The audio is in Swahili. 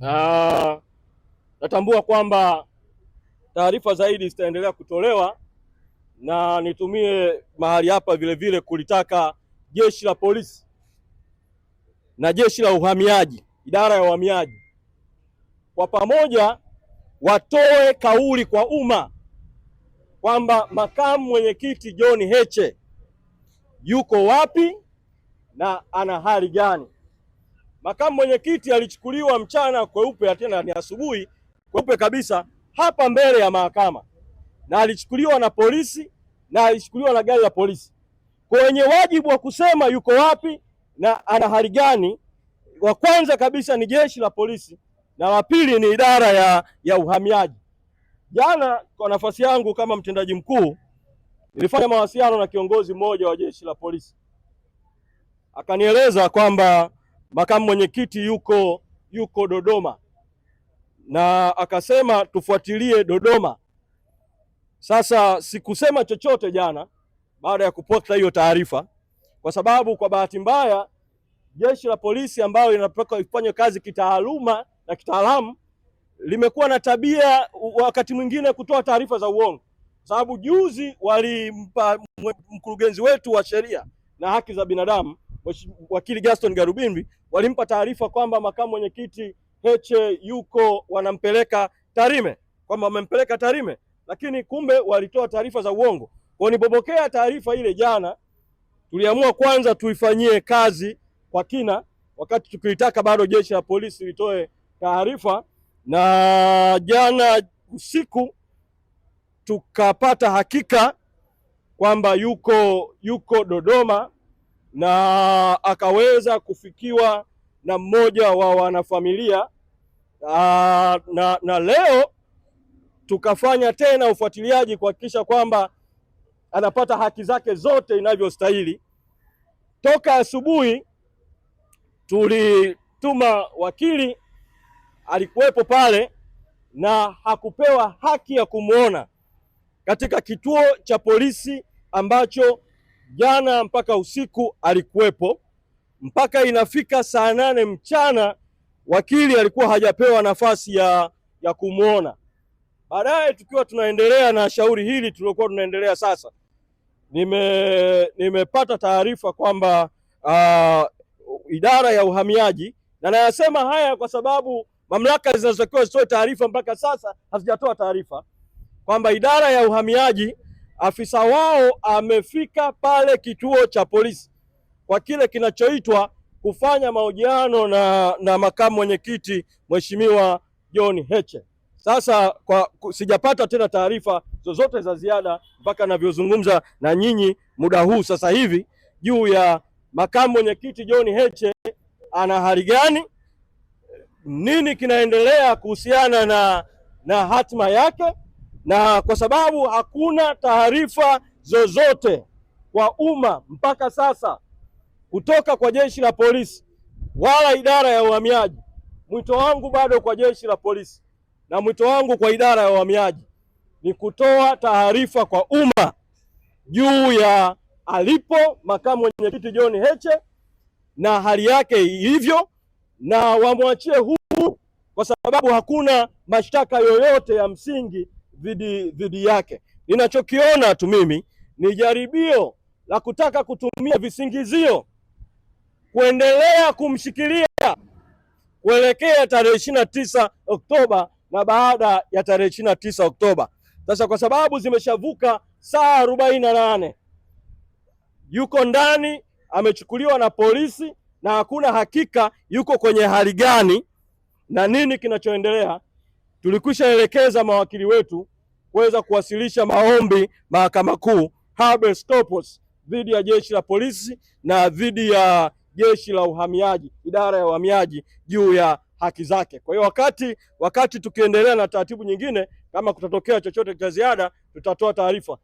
na natambua kwamba taarifa zaidi zitaendelea kutolewa, na nitumie mahali hapa vile vile kulitaka jeshi la polisi na jeshi la uhamiaji, idara ya uhamiaji, kwa pamoja watoe kauli kwa umma kwamba makamu mwenyekiti John Heche yuko wapi na ana hali gani. Makamu mwenyekiti alichukuliwa mchana kweupe, tena ni asubuhi kweupe kabisa hapa mbele ya mahakama, na alichukuliwa na polisi na alichukuliwa na gari la polisi. kwenye wajibu wa kusema yuko wapi na ana hali gani, wa kwanza kabisa ni jeshi la polisi na la pili ni idara ya, ya uhamiaji. Jana kwa nafasi yangu kama mtendaji mkuu nilifanya mawasiliano na kiongozi mmoja wa jeshi la polisi, akanieleza kwamba makamu mwenyekiti yuko yuko Dodoma na akasema tufuatilie Dodoma. Sasa sikusema chochote jana baada ya kupota hiyo taarifa, kwa sababu kwa bahati mbaya jeshi la polisi ambayo inapaka ifanye kazi kitaaluma na kitaalamu limekuwa na tabia wakati mwingine kutoa taarifa za uongo, kwa sababu juzi walimpa mkurugenzi wetu wa sheria na haki za binadamu wakili Gaston Garubimbi walimpa taarifa kwamba makamu mwenyekiti Heche yuko wanampeleka Tarime, kwamba wamempeleka Tarime, lakini kumbe walitoa taarifa za uongo. Kwa taarifa ile jana, tuliamua kwanza tuifanyie kazi kwa kina, wakati tukilitaka bado jeshi la polisi litoe taarifa, na jana usiku tukapata hakika kwamba yuko yuko Dodoma na akaweza kufikiwa na mmoja wa wanafamilia na, na, na leo tukafanya tena ufuatiliaji kuhakikisha kwamba anapata haki zake zote inavyostahili. Toka asubuhi tulituma wakili, alikuwepo pale na hakupewa haki ya kumwona katika kituo cha polisi ambacho jana mpaka usiku alikuwepo, mpaka inafika saa nane mchana wakili alikuwa hajapewa nafasi ya, ya kumwona. Baadaye tukiwa tunaendelea na shauri hili tuliokuwa tunaendelea sasa, nime nimepata taarifa kwamba uh, idara ya uhamiaji, na nayasema haya kwa sababu mamlaka zinazotakiwa zitoe taarifa mpaka sasa hazijatoa taarifa, kwamba idara ya uhamiaji afisa wao amefika pale kituo cha polisi kwa kile kinachoitwa kufanya mahojiano na, na makamu mwenyekiti Mheshimiwa John Heche. Sasa kwa, sijapata tena taarifa zozote za ziada mpaka navyozungumza na nyinyi muda huu sasa hivi juu ya makamu mwenyekiti John Heche ana hali gani, nini kinaendelea kuhusiana na, na hatima yake na kwa sababu hakuna taarifa zozote kwa umma mpaka sasa kutoka kwa jeshi la polisi wala idara ya uhamiaji. Mwito wangu bado kwa jeshi la polisi na mwito wangu kwa idara ya uhamiaji ni kutoa taarifa kwa umma juu ya alipo makamu mwenyekiti John Heche na hali yake ilivyo, na wamwachie huru, kwa sababu hakuna mashtaka yoyote ya msingi dhidi dhidi yake. Ninachokiona tu mimi ni jaribio la kutaka kutumia visingizio kuendelea kumshikilia kuelekea tarehe ishirini na tisa Oktoba na baada ya tarehe ishirini na tisa Oktoba. Sasa kwa sababu zimeshavuka saa arobaini na nane yuko ndani, amechukuliwa na polisi na hakuna hakika yuko kwenye hali gani na nini kinachoendelea. Tulikwishaelekeza mawakili wetu kuweza kuwasilisha maombi Mahakama Kuu habeas corpus dhidi ya jeshi la polisi na dhidi ya jeshi la uhamiaji, idara ya uhamiaji juu ya haki zake. Kwa hiyo wakati wakati tukiendelea na taratibu nyingine, kama kutatokea chochote cha ziada, tutatoa taarifa.